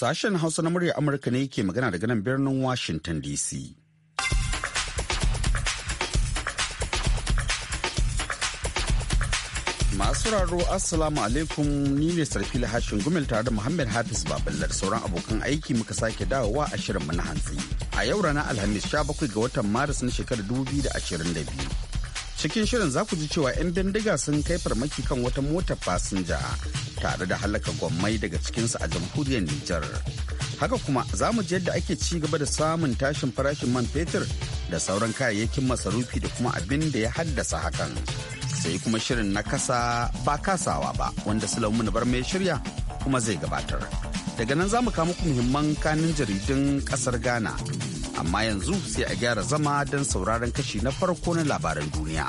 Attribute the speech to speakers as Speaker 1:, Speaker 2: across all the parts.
Speaker 1: Sashen Hausa na murya Amurka ne ke magana daga nan birnin Washington DC. Masu raro Assalamu alaikum ni ne sarfi hashin gumel tare da Muhammad Hafiz Babalar sauran abokan aiki muka sake dawowa a shirin na hantsi. A yau ranar Alhamis 17 ga watan Maris na shekarar 2022. cikin shirin za ku ji cewa 'yan bindiga sun kai farmaki kan wata mota fasinja tare da halaka gwammai daga cikinsu a jamhuriyar Nijar. Haka kuma za mu ji yadda ake ci gaba da samun tashin farashin man fetur da sauran kayayyakin masarufi da kuma abin da ya haddasa hakan. Sai kuma shirin na kasa ba kasawa ba wanda Sulaimu bar mai shirya kuma zai gabatar. Daga nan za mu kawo muku muhimman kanin jaridun ƙasar Ghana amma yanzu sai a gyara zama don sauraron kashi na farko na labaran duniya.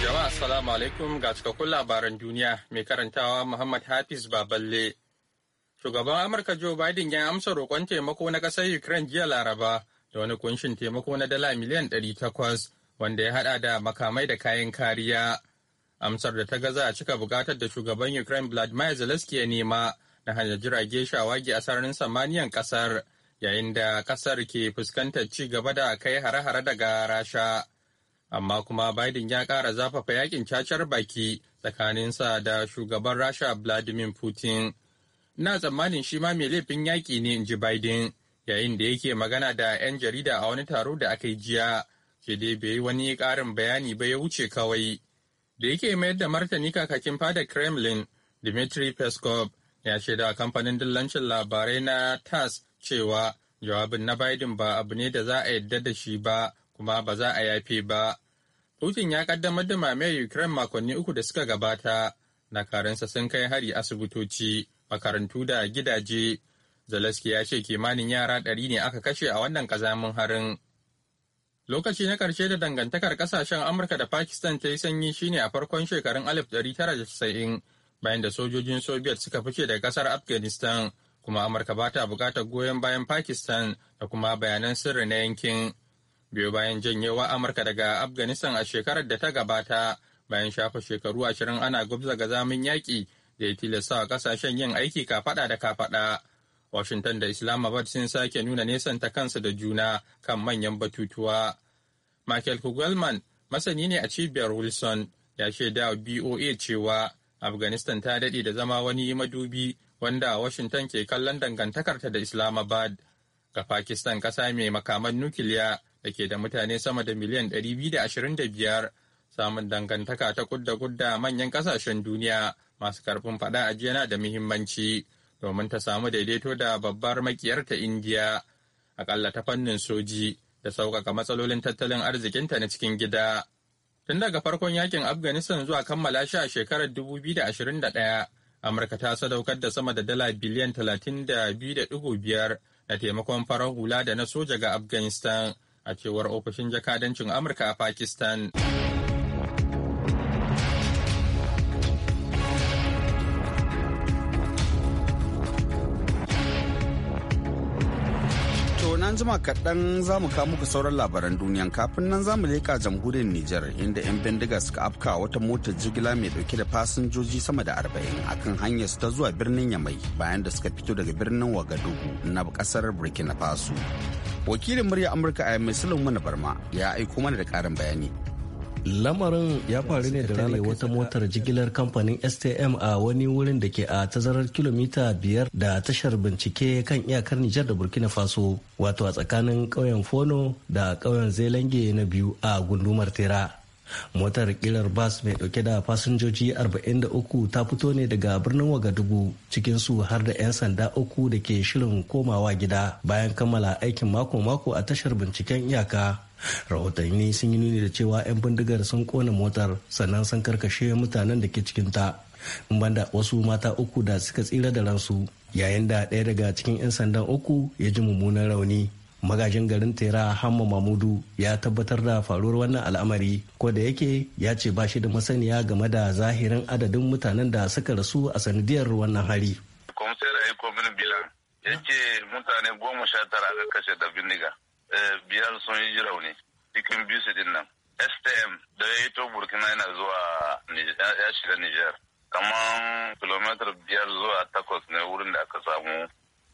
Speaker 2: Jama'a Assalamu alaikum ga cikakkun labaran duniya mai karantawa Muhammad Hafiz Baballe. Shugaban Amurka Joe Biden ya amsa roƙon taimako na ƙasar Ukraine jiya Laraba da wani kunshin taimako na dala miliyan 800 wanda ya haɗa da makamai da kayan kariya. Amsar da ta gaza a cika bukatar da shugaban Ukraine Vladimir Zelensky ya nema na hanyar jirage shawagi a sararin samaniyan kasar yayin da kasar ke fuskantar ci gaba da kai hare-hare daga rasha amma kuma biden ya kara zafafa yakin cacar baki tsakaninsa da shugaban rasha vladimir putin na tsammanin shi ma mai laifin yaki ne in ji biden yayin da yake magana da 'yan jarida a wani taro da aka yi jiya ce dai bai yi wani ƙarin bayani ba ya wuce kawai da yake mayar da martani kakakin fada kremlin dmitry peskov ya shaida kamfanin dillancin labarai na tas cewa jawabin na biden ba abu ne da za a yadda da shi ba kuma ba za a yafe ba putin ya kaddamar da mamayar ukraine makonni uku da suka gabata na dakaransa sun kai hari asibitoci makarantu da gidaje zaleski ya ce kimanin yara ɗari ne aka kashe a wannan kazamin harin Lokaci na ƙarshe da dangantakar ƙasashen Amurka da Pakistan ta yi sanyi shine a farkon shekarun 1990 bayan da sojojin soviet suka fice daga kasar afghanistan kuma amurka ba ta bukatar goyon bayan pakistan da kuma bayanan sirri na yankin biyo bayan janyewa amurka daga afghanistan a shekarar da ta gabata bayan shafa shekaru ashirin ana gubza ga zamin yaƙi da ya tilasta wa kasashen yin aiki kafaɗa da kafaɗa washington da islamabad sun sake nuna ta kansu da juna kan manyan batutuwa michael kugelman masani ne a cibiyar wilson ya shaida boa cewa afghanistan ta daɗe da zama wani madubi wanda washington ke kallon dangantakarta da islamabad ga pakistan ƙasa mai makaman nukiliya da ke da mutane sama da miliyan 225 samun dangantaka ta kudda kudda manyan ƙasashen duniya masu karfin fada a jiyana da muhimmanci domin ta samu daidaito da babbar makiyarta indiya akalla ta fannin soji da sauƙaƙa matsalolin tattalin arzikinta na cikin gida. Tun daga farkon yakin Afghanistan zuwa kammala shi a shekarar 2021, Amurka ta sadaukar da sama da dala biliyan 32.5 na taimakon farar hula da na soja ga Afghanistan a cewar ofishin jakadancin Amurka a Pakistan.
Speaker 1: an jima kaɗan za mu kawo muku sauran labaran duniya kafin nan za mu leƙa jamhuriyar Nijar inda 'yan bindiga suka afka wata motar jigila mai ɗauke da fasinjoji sama da arba'in akan hanyar su ta zuwa birnin Yamai bayan da suka fito daga birnin Wagadugu na ƙasar Burkina Faso. Wakilin murya Amurka a Yamai Sulaiman Barma ya aiko mana da ƙarin bayani.
Speaker 3: lamarin ya faru ne da rana wata motar jigilar kamfanin stm a wani wurin da ke a tazarar kilomita biyar da tashar bincike kan iyakar nijar da burkina faso wato a tsakanin ƙauyen fono da ƙauyen zelange na biyu a gundumar tera motar kilar bas mai dauke da fasinjoji 43 ta fito ne daga birnin wagadugu su har da 'yan sanda uku da ke shirin komawa gida bayan kammala aikin mako-mako a tashar binciken iyaka rahotanni sun yi nuni da cewa 'yan bindigar sun kona motar sannan sun karkashe mutanen da ke cikinta banda wasu mata uku da suka tsira da ransu yayin da ɗaya daga cikin 'yan sandan uku ya ji mummunan rauni magajin garin tera hamma mamudu ya tabbatar da faruwar wannan al'amari ko da yake ya ce ba shi da masaniya game da zahirin adadin mutanen da suka rasu a sanadiyar wannan hari.
Speaker 4: komisar ya ce mutane goma sha tara aka kashe da
Speaker 1: bindiga Eh, biyar sun yi rauni cikin biyu su stm da ya yi to burkina yana zuwa ya shiga niger
Speaker 2: kamar kilomitar biyar zuwa takwas ne wurin da aka samu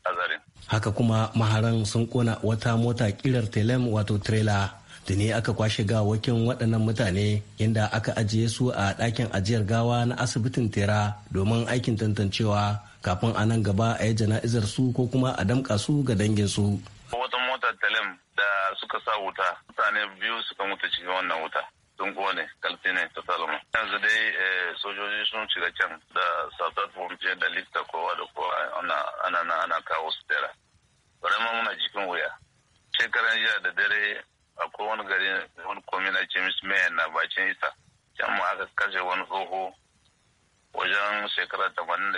Speaker 3: hazarin haka kuma maharan sun kona wata mota kirar telem wato trailer da ne aka kwashe gawakin waɗannan mutane inda aka ajiye su a ɗakin ajiyar gawa na asibitin tera domin aikin tantancewa kafin a nan gaba a yi jana'izar su ko kuma a damƙa su ga dangin su Wata
Speaker 1: mota talim da suka sa wuta, mutane biyu suka mutu cikin wannan wuta. Sun kone, kalti ne ta salama. Yanzu dai eh, sojoji sun shiga can da sautar Pompe da lifta kowa da kowa ana na ana kawo su tera. Bari ma muna jikin wuya. Shekaran jiya da dare a wani gari wani komi na ce miss mayan na bacin isa. Can ma aka kashe wani tsoho wajen shekara tamanin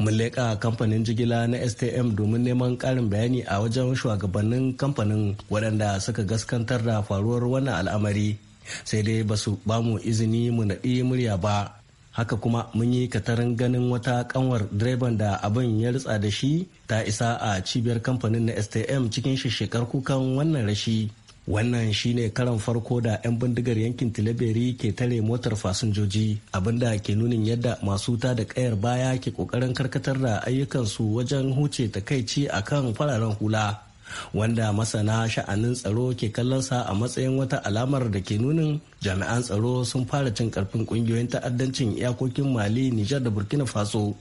Speaker 3: Mun leƙa kamfanin jigila na STM domin neman ƙarin bayani a wajen shugabannin kamfanin waɗanda suka gaskantar da faruwar wannan al'amari sai dai ba su bamu izini mu naɗi murya ba. haka kuma mun yi katarin ganin wata kanwar direban da abin ya rutsa da shi ta isa a cibiyar kamfanin na stm cikin shishikar kukan wannan rashi wannan shine karan farko da 'yan bindigar yankin tileberi ke tare motar fasinjoji abinda ke nunin yadda masu ta da kayar baya ke kokarin karkatar da ayyukansu wajen huce takaici a kan fararen hula wanda masana sha'anin tsaro ke kallonsa a matsayin wata alamar da ke nunin jami'an tsaro sun fara cin karfin kungiyoyin ta'addancin iyakokin mali nijar da burkina faso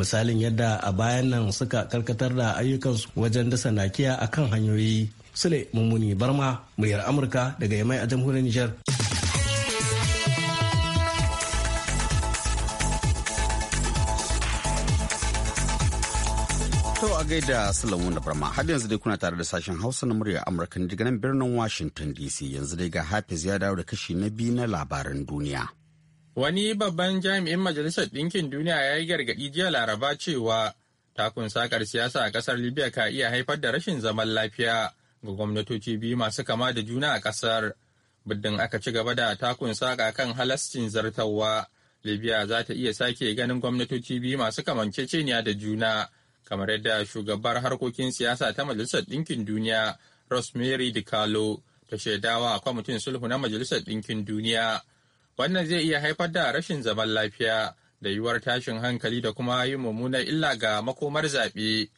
Speaker 3: misalin yadda a bayan nan suka karkatar da ayyukansu wajen dasa nakiya akan hanyoyi Sule Mummuni Barma, muryar Amurka daga Yamai a jamhuriyar Nijar.
Speaker 1: To a gaida Sulamu da Barma har yanzu dai kuna tare da sashen Hausa na muryar Amurka daga nan birnin Washington DC yanzu dai ga Hafiz ya dawo da kashi na biyu na labaran duniya.
Speaker 2: Wani babban jami'in Majalisar Ɗinkin Duniya ya yi gargaɗi jiya Laraba cewa takun sakar siyasa a ƙasar Libya ka iya haifar da rashin zaman lafiya ga gwamnatoci biyu masu kama da juna a kasar bidin aka ci gaba da takun saka kan halascin zartawa. Libya za ta iya sake ganin gwamnatoci biyu masu kamanceceniya da juna, kamar yadda shugabar harkokin siyasa ta Majalisar Ɗinkin Duniya, Rosemary DiCarlo, ta shaidawa a kwamitin sulhu na Majalisar Ɗinkin Duniya. Wannan zai iya haifar da rashin zaman lafiya da yiwuwar tashin hankali da kuma yin mummunar illa ga makomar zaɓe.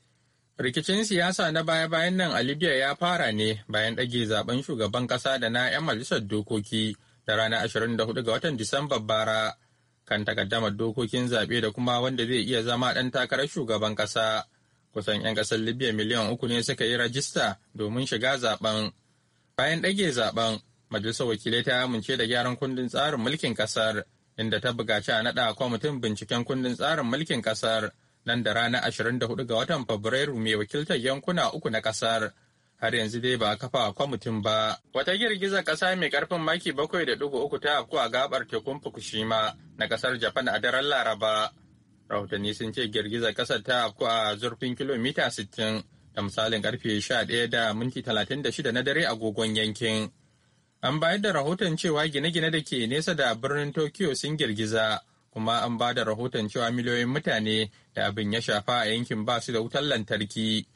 Speaker 2: Rikicin siyasa na baya-bayan nan a Libya ya fara ne bayan ɗage zaben shugaban ƙasa da na 'yan majalisar dokoki da ranar 24 ga watan Disamba bara kan takaddamar dokokin zaɓe da kuma wanda zai iya zama ɗan takarar shugaban ƙasa. Kusan 'yan ƙasar Libya miliyan uku ne suka yi rajista domin shiga zaben. Bayan ɗage zaben, Majalisar Wakilai ta amince da gyaran kundin tsarin mulkin ƙasar, inda ta buƙaci a naɗa kwamitin binciken kundin tsarin mulkin ƙasar. nan da ranar 24 ga watan Fabrairu mai wakiltar yankuna uku na kasar. Har yanzu dai ba a kafa kwamitin ba. Wata girgizar ƙasa mai ƙarfin maki bakwai da uku ta afku a gabar tekun Fukushima na ƙasar Japan a daren Laraba. Rahotanni sun ce girgizar ƙasar ta afku a zurfin kilomita 60 da misalin ƙarfe 11 da minti 36 na dare agogon yankin. An bayar da rahoton cewa gine-gine da ke nesa da birnin Tokyo sun girgiza. kuma an ba da rahoton cewa miliyoyin mutane da abin ya shafa a yankin ba su da wutar lantarki.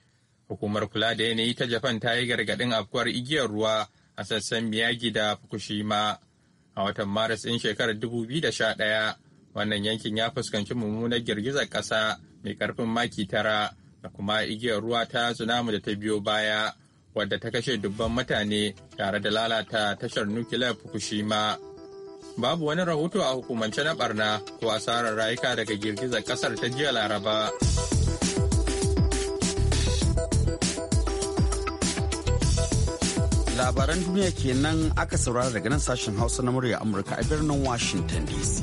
Speaker 2: Hukumar kula da yanayi ta Japan ta yi gargaɗin afkuwar igiyar ruwa a sassan Miyagi da Fukushima. A watan Maris ɗin shekarar 2011, wannan yankin ya fuskanci mummunar girgizar ƙasa mai ƙarfin maki tara da kuma igiyar ruwa ta tsunami da ta biyo baya, wadda ta kashe dubban mutane tare da lalata tashar nukiliyar Fukushima. babu wani rahoto a hukumance na barna ko asarar rayuka daga girgizar kasar ta jiya laraba
Speaker 1: labaran duniya kenan aka saurara daga nan sashen hausa na murya amurka a birnin washington dc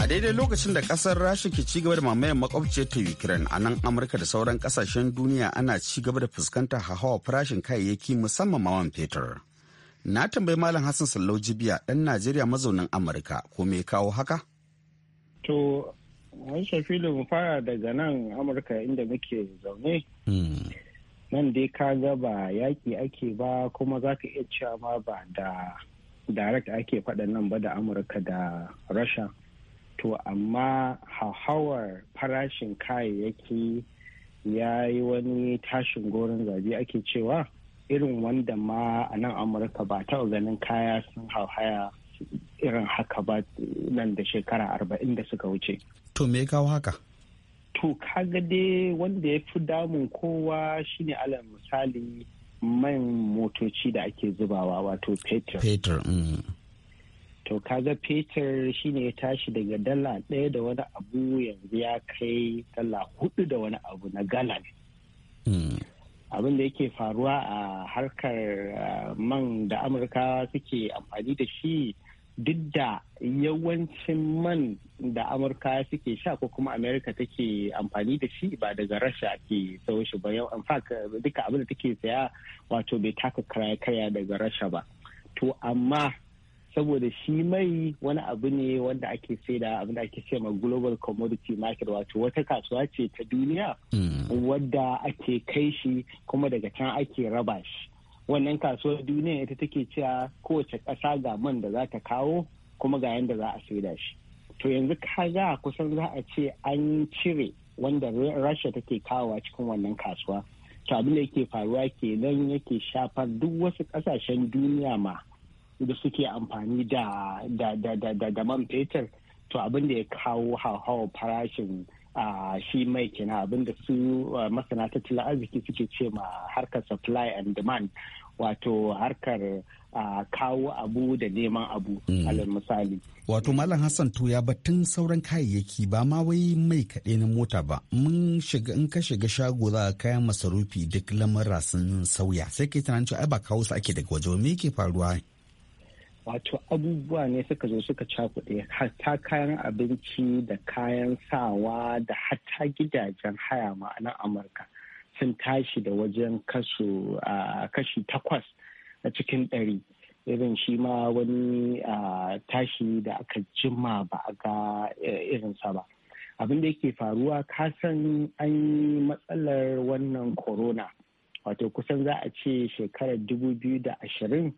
Speaker 1: a daidai lokacin da kasar rasha ke ci gaba da mamayan makwabciyar ta ukraine a nan amurka da sauran kasashen duniya ana ci gaba da fuskantar hawa farashin kayayyaki musamman man fetur na tambayi malam hassan sallau jibiya ɗan najeriya mazaunin amurka ko me kawo haka to
Speaker 5: mun da mu fara daga nan amurka inda muke zaune hmm. nan dai ka ga ba yaƙi ake ba kuma za ka iya cewa ma ba da direct ake faɗa nan ba da amurka da rasha to amma hauhawar farashin kayayyaki ya yi wani tashin gorin zabi ake cewa irin wanda ma a nan amurka ba ta ganin kaya sun hauhaya irin haka ba nan da shekara arba'in da suka wuce
Speaker 1: to me kawo haka
Speaker 5: to kaga dai wanda ya fi damun kowa shine alal misali man motoci da ake zubawa wato fetur to kaga fetur shine ya tashi daga dala ɗaya da wani abu yanzu ya kai dala hudu da wani abu na galan hmm. abin da yake faruwa a harkar man da amurka suke amfani da shi duk da yawancin man da amurka suke sha ko kuma amerika take amfani da shi ba daga rasha ke sau shi ba yau duka abin da take saya wato bai taka karya daga rasha ba to amma saboda shi mai wani abu ne wanda ake saida abin da ake ma global commodity market wato wata kasuwa ce ta duniya hmm. wadda ake kai shi kuma daga can ake raba shi wannan kasuwar duniya ita take cewa kowace ƙasa ga man da za ta kawo kuma ga yadda za a saida shi to yanzu kaga kusan za a ce an cire wanda rasha take kawowa cikin wannan kasuwa to abin da yake faruwa kenan yake shafar duk wasu ƙasashen duniya ma da suke amfani da da man fetur to abin da ya kawo hauhawar farashin shi mai kenan abin da su masana tattalin arziki suke ce ma harkar supply and demand wato harkar kawo abu da neman
Speaker 1: abu hmm. alal misali wato malam hassan to ya batun sauran kayayyaki ba ma wai mai kaɗai na mota ba mun shiga in ka shiga shago za ka kayan masarufi duk lamura sun sauya sai kai tunanin cewa ai ba kawo su ake daga waje me ke faruwa wato
Speaker 5: abubuwa ne suka zo suka cakuɗe hatta kayan abinci da kayan sawa da hatta gidajen haya ma'anar amurka sun tashi da wajen kaso kashi takwas a cikin ɗari irin shi ma wani tashi da aka jima ba a ga e, irinsa ba abin da yake faruwa ka san an yi matsalar wannan corona wato kusan za a ce shekarar 2020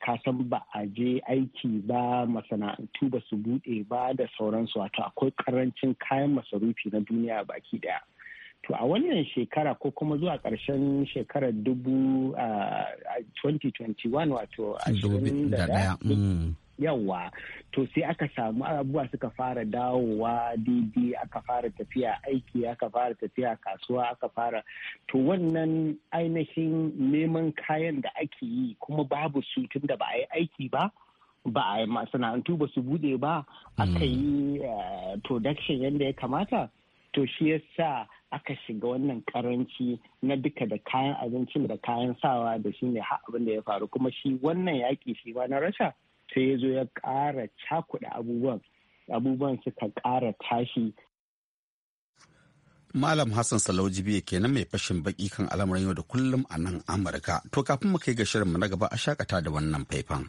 Speaker 5: ka san ba a je aiki ba masana'antu ba su bude ba da sauransu wato akwai karancin kayan masarufi na duniya baki daya to a wannan shekara ko kuma zuwa karshen shekarar dubu 2021 wato 2021 yawa to sai aka samu abubuwa suka fara dawowa daidai aka fara tafiya aiki aka fara tafiya kasuwa aka fara to wannan ainihin neman kayan da ake yi kuma babu su tun da ba a yi aiki ba ba a yi masana'antu ba su bude ba aka hmm. yi eh, production yadda ya kamata to shi yasa aka shiga wannan karanci na duka da kayan abincin da kayan sawa da shi ne abin da ya faru kuma shi wannan yaƙi shi ba na rasha sai ya zo ya ƙara cakuɗa abubuwan abubuwan suka ƙara tashi
Speaker 1: Malam Hassan Salaujibiya kenan mai fashin baki kan al'amuran yau da kullum a nan Amurka. To kafin mu kai ga shirinmu na gaba a shakata da wannan faifan.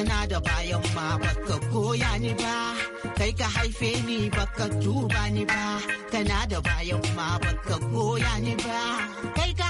Speaker 4: kana da bayan ma baka koya ni ba kai ka haife ni baka duba ni ba kana da bayan ma baka koya ni ba kai ka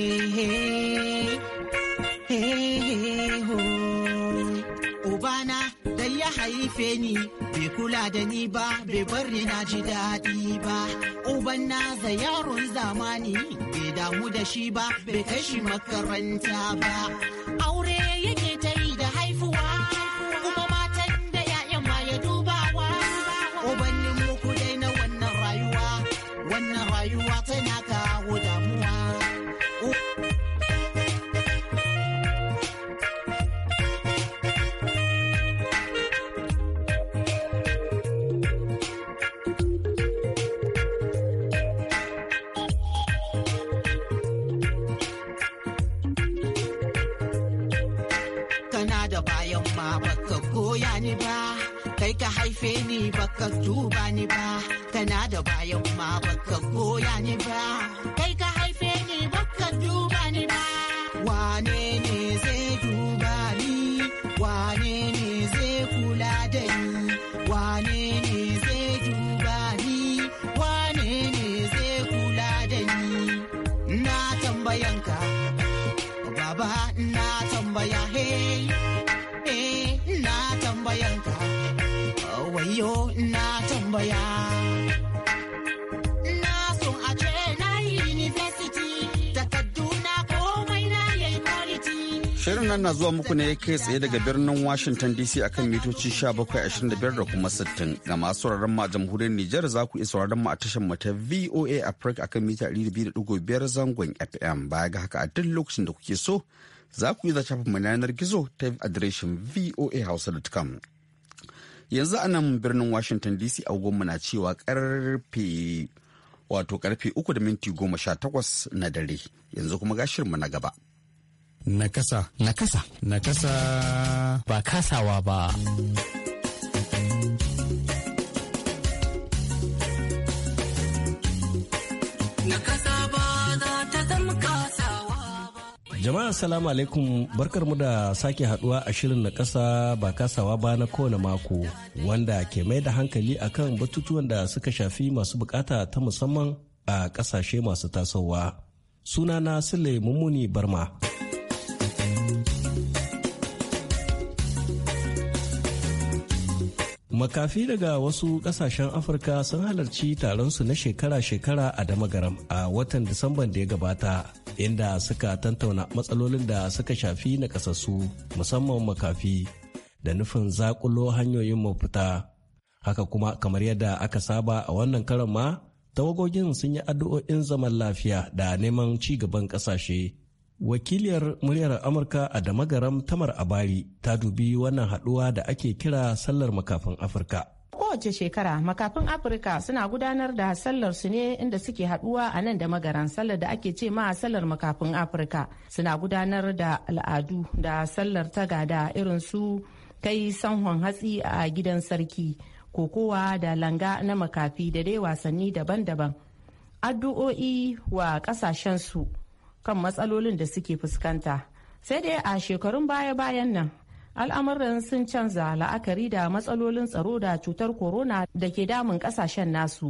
Speaker 4: ni bai kula da ni ba bai bar ni na ji daɗi ba uban za yaron zamani bai damu da shi ba bai kai shi makaranta ba aure yake yamma baka koya ni ba kai ka haife ni baka duba ni ba kana da bayan ma baka koya ni ba
Speaker 1: ana zuwa muku ne kai tsaye daga birnin Washington DC akan mitoci 1725 da kuma 60 ga masu sauraron ma jamhuriyar Nijar za ku iya sauraron mu a tashar mu ta VOA Africa akan mita 200.5 zangon FM baya ga haka a duk lokacin da kuke so za ku yi zafafin mu yanar gizo ta adireshin voahausa.com. Yanzu a nan birnin Washington DC agogonmu na cewa karfe wato karfe uku da minti na dare yanzu kuma ga mu na gaba. Nakasa. Nakasa. Nakasa.
Speaker 3: Ba kasawa ba. Jama'a salamu alaikum barkar da sake haduwa a shirin na kasa ba kasawa ba na kowane mako wanda ke mai da hankali akan batutuwan da suka shafi masu bukata ta musamman a kasashe masu tasowa. Sunana Sule Mummuni Barma. makafi daga wasu kasashen afirka sun halarci taronsu na shekara-shekara a damagaram a watan disamban da ya gabata inda suka tantauna matsalolin da suka shafi na kasassu musamman makafi da nufin zakulo hanyoyin mafita haka kuma kamar yadda aka saba a wannan karan ma tawagogin sun yi addu'o'in zaman lafiya da neman ci gaban kasashe wakiliyar muryar amurka a damagaram tamar abari ta dubi wannan haduwa da ake kira sallar makafin afirka
Speaker 6: kowace shekara makafin afirka suna gudanar da sallar su ne inda suke haduwa a nan da magaran sallar da ake ce ma sallar makafin afirka suna gudanar da al'adu da sallar tagada irin su kai sanhon hatsi a gidan sarki kokowa da langa na makafi da dai wasanni daban-daban addu'o'i wa kasashensu su kan matsalolin da suke fuskanta sai dai a shekarun baya-bayan nan al'amuran sun canza la'akari da matsalolin tsaro da cutar corona da ke damun kasashen nasu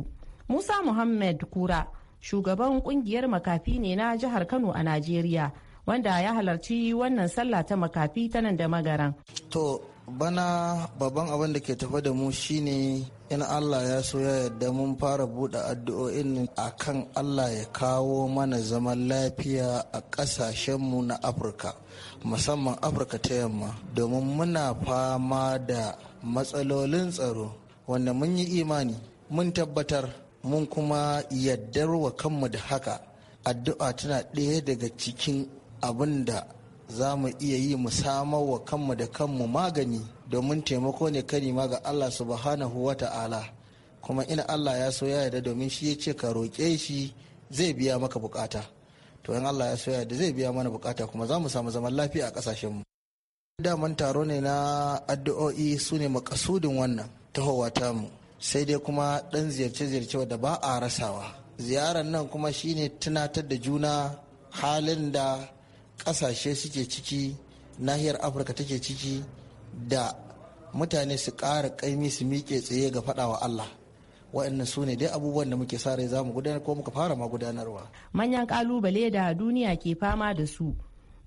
Speaker 6: musa muhammad kura shugaban kungiyar makafi ne na jihar kano a najeriya wanda ya halarci wannan sallah ta makafi ta nan da magaran
Speaker 7: to bana babban abin da ke tafa da mu shine in allah ya so ya yarda mun fara buɗe addu'o'in a kan allah ya kawo mana zaman lafiya a ƙasashenmu na afirka musamman afirka ta yamma domin muna fama da matsalolin tsaro wanda mun yi imani mun tabbatar mun kuma yaddar wa kanmu da haka addu'a tana ɗaya daga cikin abin da za mu iya yi mu samar wa kanmu da kanmu magani domin taimako ne ma ga Allah subhanahu wa ta'ala kuma ina Allah ya so ya yarda domin shi ya ce ka roƙe shi zai biya maka bukata to in Allah ya so ya yarda zai biya mana bukata kuma za mu samu zaman lafiya a ƙasashen mu daman taro ne na addu'o'i su ne makasudin wannan Ta tahowa mu sai dai kuma ɗan ziyarce-ziyarce da ba a rasawa ziyarar nan kuma shine tunatar da juna halin da ƙasashe suke ciki nahiyar afirka take ciki da mutane su ƙara ƙaimi su miƙe tsaye ga faɗawa allah waɗannan su ne dai abubuwan da muke sa rai za mu gudanar ko muka fara ma gudanarwa
Speaker 6: manyan ƙalubale da duniya ke fama da su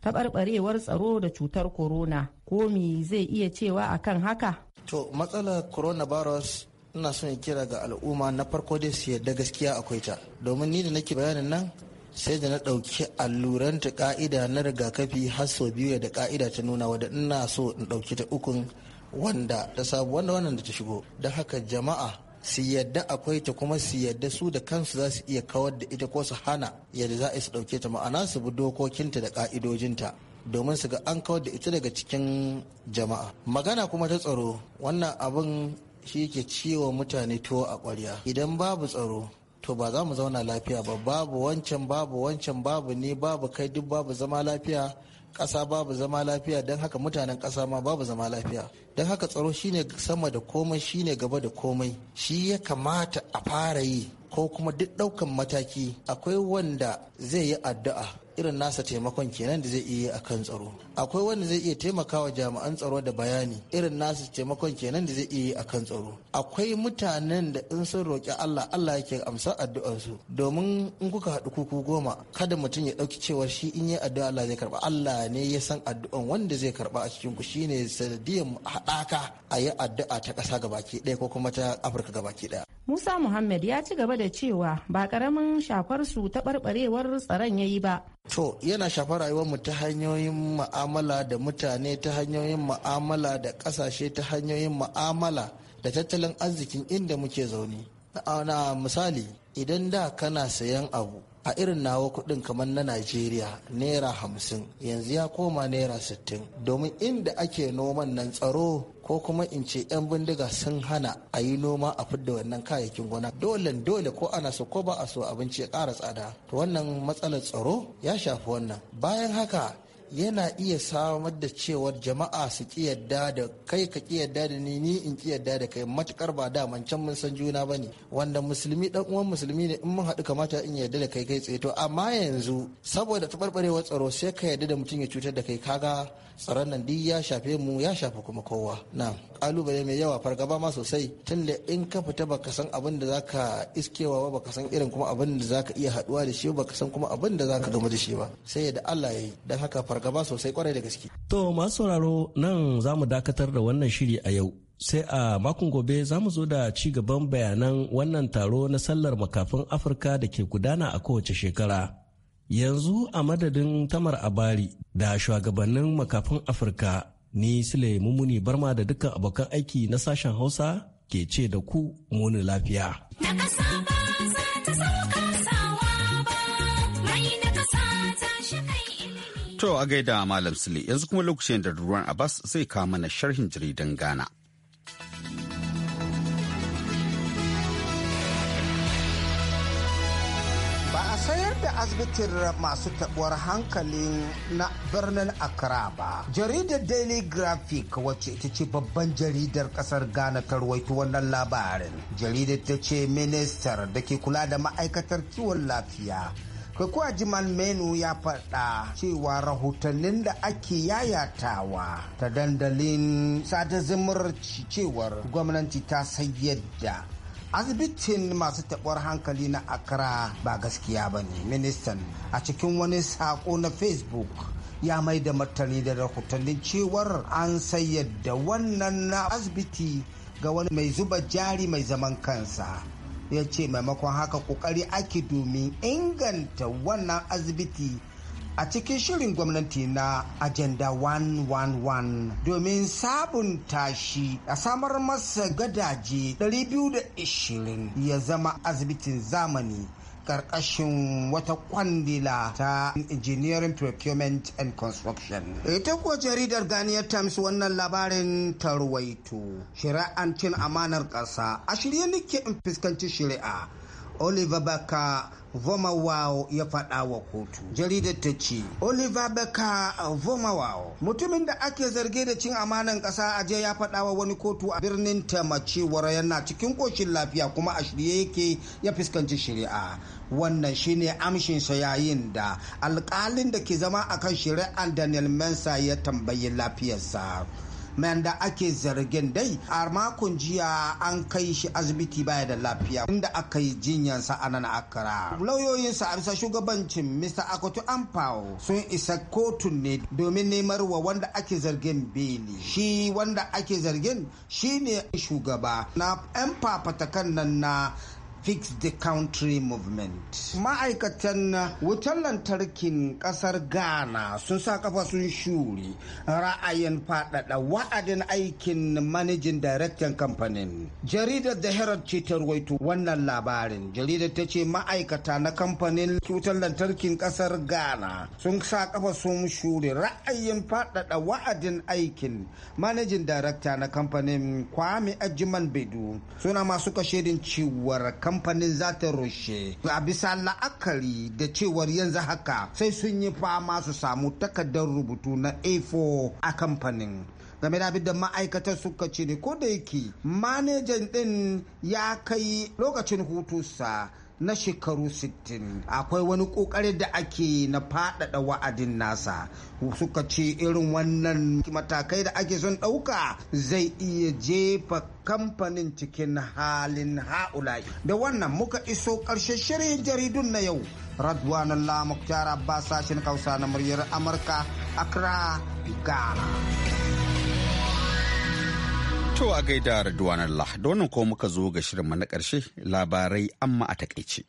Speaker 6: taɓarɓarewar tsaro da cutar corona ko me zai iya cewa akan haka
Speaker 7: to matsalar coronavirus ina son kira ga al'umma na farko dai su yadda gaskiya akwai ta domin ni da nake bayanin nan sai da na ɗauki alluranta ta ka'ida na rigakafi har sau biyu da ka'ida ta nuna wadda ina so in ɗauki ta ukun wanda ta sabu wanda wannan da ta shigo don haka jama'a su yadda akwai ta kuma su yadda su da kansu za su iya kawar da ita ko su hana yadda za a su ɗauke ta ma'ana su bi dokokinta da ka'idojinta domin su ga an kawar da ita daga cikin jama'a magana kuma ta tsaro wannan abin shi ke ciwo mutane tuwo a ƙwarya idan babu tsaro to ba za mu zauna lafiya ba babu wancan babu wancan babu ni babu kai duk babu zama lafiya ƙasa babu zama lafiya don haka mutanen ƙasa ma babu zama lafiya don haka tsaro shine sama da komai shine gaba da komai shi ya kamata a fara yi ko kuma duk ɗaukan mataki akwai wanda zai yi addu'a irin nasa taimakon kenan da zai iya akan tsaro akwai wanda zai iya taimakawa jami'an tsaro da bayani irin nasa taimakon kenan da zai iya akan tsaro akwai mutanen da in sun roƙi Allah Allah yake amsa addu'arsu domin in kuka haɗu kuku goma kada mutum ya ɗauki cewa shi in yi addu'a Allah zai karba Allah ne ya san addu'an wanda zai karba a cikin ku shine sanadiyar haɗaka a yi addu'a ta ƙasa gabaki ɗaya ko kuma ta Afirka gabaki ɗaya
Speaker 6: Musa Muhammad ya ci gaba da cewa ba karamin shafar su ta ɓarɓarewar tsaron ya yi ba.
Speaker 7: To yana shafar mu ta hanyoyin ma'amala da mutane ta hanyoyin ma'amala da ƙasashe ta hanyoyin ma'amala da tattalin arzikin inda muke zaune. Na misali idan da kana sayan abu a irin nawa kudin kamar na najeriya naira hamsin yanzu ya koma naira sittin domin inda ake noman nan tsaro ko kuma in ce 'yan bindiga sun hana a yi noma a fidda wannan kayayyakin gona dole dole ko ana so ko ba a so abinci ya kara tsada to wannan matsalar tsaro ya shafi wannan bayan haka yana iya samar da cewar jama'a su ki yadda da kai ka ki yadda da ni ni in ki yadda da kai matukar ba da can mun san juna ba ne wanda musulmi dan uwan musulmi ne in mun haɗu kamata in yadda da kai kai tsaye to amma yanzu saboda taɓarɓarewar tsaro sai ka yadda da mutum ya cutar da kai kaga tsaron nan duk ya shafe mu ya shafe kuma kowa na kalubale mai yawa fargaba ma sosai tunda in ka fita baka san abin da zaka iskewa ba baka san irin kuma abin da zaka iya haɗuwa da shi baka san kuma abin da zaka gama da shi ba sai da Allah ya yi dan haka fargaba sosai kwarai da gaske.
Speaker 3: To masu sauraro nan za mu dakatar da wannan shiri a yau. Sai a makon gobe za mu zo da ci gaban bayanan wannan taro na sallar makafin Afirka da ke gudana a kowace shekara. Yanzu a madadin tamar abari da shugabannin makafin Afirka ni Sule Mumuni Barma da dukkan abokan aiki na sashen Hausa ke ce da ku muni lafiya. Na
Speaker 1: To a gaida Malam Sule yanzu kuma lokacin da ruwan Abbas zai kama mana sharhin jaridan Ghana.
Speaker 8: Ba a sayar da asibitin masu taɓuwar hankali na birnin Accra ba. Jaridar Daily Graphic wacce ita ce babban jaridar ƙasar Ghana ta rawaito wannan labarin. Jaridar ta ce ministar da ke kula da ma'aikatar kiwon lafiya. Kakuwa Jiman Menu ya faɗa cewa rahotannin da ake yayatawa ta dandalin sada zumurci cewar gwamnati ta sayar da asibitin masu taɓar hankali na Accra ba gaskiya ba ne. Ministan a cikin wani saƙo na Facebook ya mai da martani da rahotannin cewar an sayar da wannan na asibiti ga wani mai zuba jari mai zaman kansa. ya ce maimakon haka kokari ake domin inganta wannan asibiti a cikin shirin gwamnati na agenda 111 domin sabunta shi a samar masa gadaje 220 ya zama asibitin zamani karkashin wata kwandila ta engineering procurement and construction ita kuwa jaridar ganiyar times wannan labarin ta ruwaito an cin amanar ƙasa a shirye nake in fuskanci shari'a oliver baka Vomawao ya faɗa wa kotu. Jaridar ta ce, Oliver Baka Vomawao, mutumin da ake zarge da cin amanan ƙasa a ya faɗa wa wani kotu a birnin Tema cewar yana cikin ƙoshin lafiya kuma a shirye yake ya fuskanci shari'a. Wannan shine amshinsa yayin da alƙalin da ke zama a kan shari'ar Daniel Mensa ya tambayi lafiyarsa. man da ake zargin dai a makon jiya an kai shi asibiti baya da lafiya inda aka yi jinyansa a nan akara lauyoyinsa a bisa shugabancin mr akoto amfawo sun isa kotun ne domin nemar wa wanda ake zargin beli shi wanda ake zargin shi shine shugaba na 'yan fafatakan nan na fix the country movement ma'aikatan wutar lantarkin kasar ghana sun sa kafa sun shuri ra'ayin faɗaɗa wa'adin aikin managing director kamfanin jaridar da herald ce ta ruwaito wannan labarin jaridar ta ce ma'aikata na kamfanin wutar lantarkin kasar ghana sun sa kafa sun shuri ra'ayin faɗaɗa wa'adin aikin managing director na kamfanin kwame ajiman bedu suna masu kashedin cewar kamfanin kamfanin za ta rushe a bisa la'akari da cewar yanzu haka sai sun yi fama su samu takardar rubutu na a4 a kamfanin game da abin da ma'aikatar suka ce ne ko da yake manajan din ya kai lokacin hutunsa na shekaru 60 akwai wani kokari da ake na faɗaɗa wa'adin nasa suka ce irin wannan matakai da ake son ɗauka zai iya jefa kamfanin cikin halin ha'ula'i da wannan muka iso ƙarshen shirin jaridun na yau radwanan lamuk jara ba sashen kausa na muryar amurka accra ghana
Speaker 1: To a gaida Radwan Allah, da ko muka zo ga shirinmu na ƙarshe labarai amma a takaice.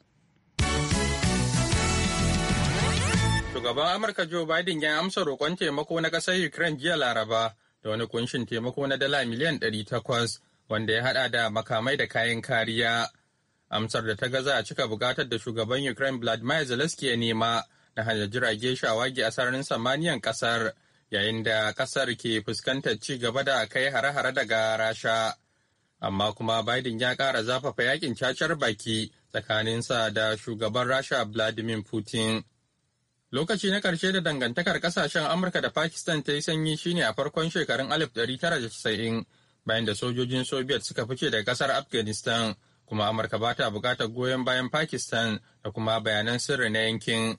Speaker 2: Shugaban Amurka Joe Biden ya amsa roƙon taimako na ƙasar Ukraine jiya Laraba da wani kunshin taimako na dala miliyan 800 wanda ya hada da makamai da kayan kariya. Amsar da ta gaza a cika bukatar da shugaban Ukraine Vladimir Zelensky ya nema na hanyar jirage shawagi a sararin samaniyan ƙasar. yayin da kasar ke fuskantar ci gaba da kai hare-hare daga rasha amma kuma biden ya kara zafafa yakin cacar baki tsakaninsa da shugaban rasha vladimir putin lokaci na ƙarshe da dangantakar ƙasashen amurka da pakistan ta yi sanyi shine a farkon shekarun 1990 bayan da sojojin soviet suka fice daga ƙasar afghanistan kuma amurka ba ta buƙatar goyon bayan pakistan da kuma bayanan sirri na yankin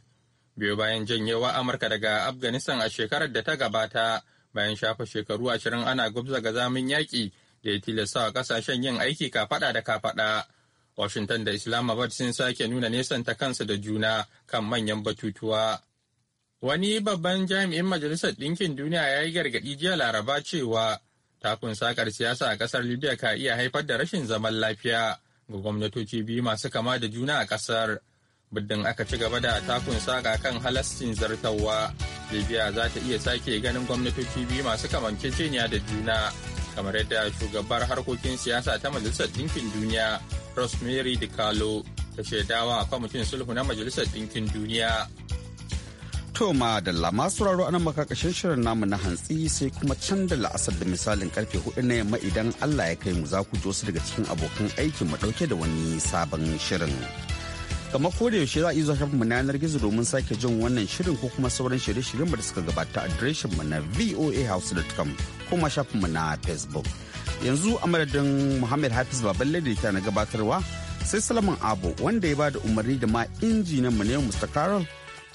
Speaker 2: biyo bayan janyewa amurka daga afghanistan a shekarar da ta gabata bayan shafa shekaru ashirin ana gubza ga zamin yaƙi da ya tilasta wa ƙasashen yin aiki kafaɗa da kafaɗa washington da islamabad sun sake nuna nesan ta kansa da juna kan manyan batutuwa wani babban jami'in majalisar ɗinkin duniya ya yi gargaɗi jiya laraba cewa takun sakar siyasa a ƙasar libya ka iya haifar da rashin zaman lafiya ga gwamnatoci biyu masu kama da juna a ƙasar. muddin aka ci gaba da takun saka kan halascin zartawa libya za ta iya sake ganin gwamnatoci biyu masu kamanceceniya da juna kamar yadda shugabar harkokin siyasa ta majalisar ɗinkin duniya rosemary kalo ta shaidawa a kwamitin sulhu na majalisar ɗinkin duniya
Speaker 1: toma da lama sauraro anan kashin shirin namu na hantsi sai kuma can da la'asar da misalin karfe hudu na yamma idan Allah ya kai mu za ku ji wasu daga cikin abokan aikin mu dauke da wani sabon shirin. kamar yaushe za a iya shafin mu na yanar gizo domin sake jin wannan shirin ko kuma sauran shirye-shiryen da suka gabata adireshin mu na voahouse.com ko ma shafin mu na facebook yanzu a madadin muhammad hafiz baballe da ta na gabatarwa sai salaman abu wanda ya ba da umarni da ma injinan mu ne mr carol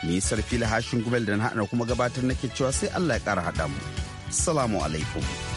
Speaker 1: ni sarfi lahashin gubel da na haɗa kuma gabatar nake cewa sai allah ya kara haɗa mu salamu alaikum